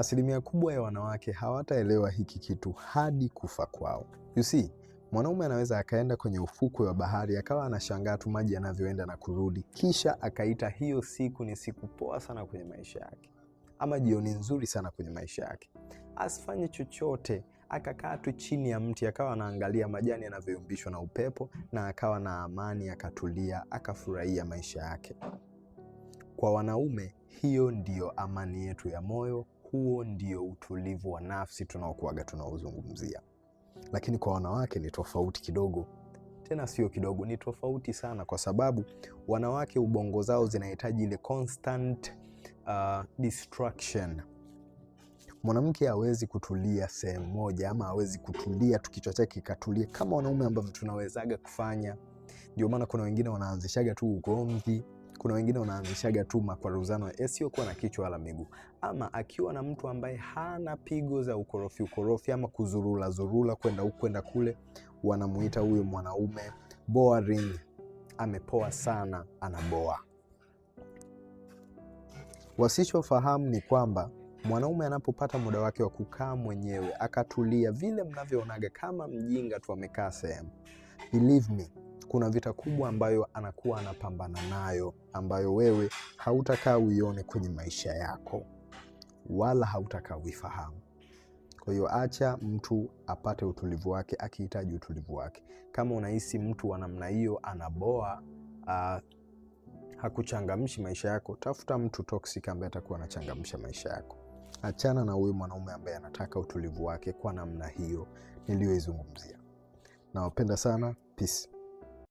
Asilimia kubwa ya wanawake hawataelewa hiki kitu hadi kufa kwao. You see, mwanaume anaweza akaenda kwenye ufukwe wa bahari akawa anashangaa tu maji yanavyoenda na kurudi, kisha akaita hiyo siku ni siku poa sana kwenye maisha yake, ama jioni nzuri sana kwenye maisha yake. Asifanye chochote, akakaa tu chini ya mti akawa anaangalia majani yanavyoyumbishwa na upepo, na akawa na amani, akatulia, akafurahia maisha yake. Kwa wanaume, hiyo ndiyo amani yetu ya moyo huo ndio utulivu wa nafsi tunaokuaga tunaozungumzia, lakini kwa wanawake ni tofauti kidogo, tena sio kidogo, ni tofauti sana, kwa sababu wanawake ubongo zao zinahitaji ile constant uh, distraction. Mwanamke hawezi kutulia sehemu moja, ama hawezi kutulia tu kichwa chake kikatulia kama wanaume ambavyo tunawezaga kufanya. Ndio maana kuna wengine wanaanzishaga tu ugomvi kuna wengine wanahamishaga tu makwaruzano yasiyokuwa na kichwa wala miguu, ama akiwa na mtu ambaye hana pigo za ukorofi ukorofi ama kuzurula zurula kwenda huku kwenda kule, wanamuita huyu mwanaume boring, amepoa sana, anaboa. Wasichofahamu ni kwamba mwanaume anapopata muda wake wa kukaa mwenyewe akatulia, vile mnavyoonaga kama mjinga tu amekaa sehemu, believe me kuna vita kubwa ambayo anakuwa anapambana nayo, ambayo wewe hautakaa uione kwenye maisha yako wala hautakaa uifahamu. Kwa hiyo acha mtu apate utulivu wake akihitaji utulivu wake. Kama unahisi mtu wa namna hiyo anaboa, uh, hakuchangamshi maisha yako, tafuta mtu toxic ambaye atakuwa anachangamsha maisha yako. Achana na huyu mwanaume ambaye anataka utulivu wake kwa namna hiyo niliyoizungumzia. Nawapenda sana, peace.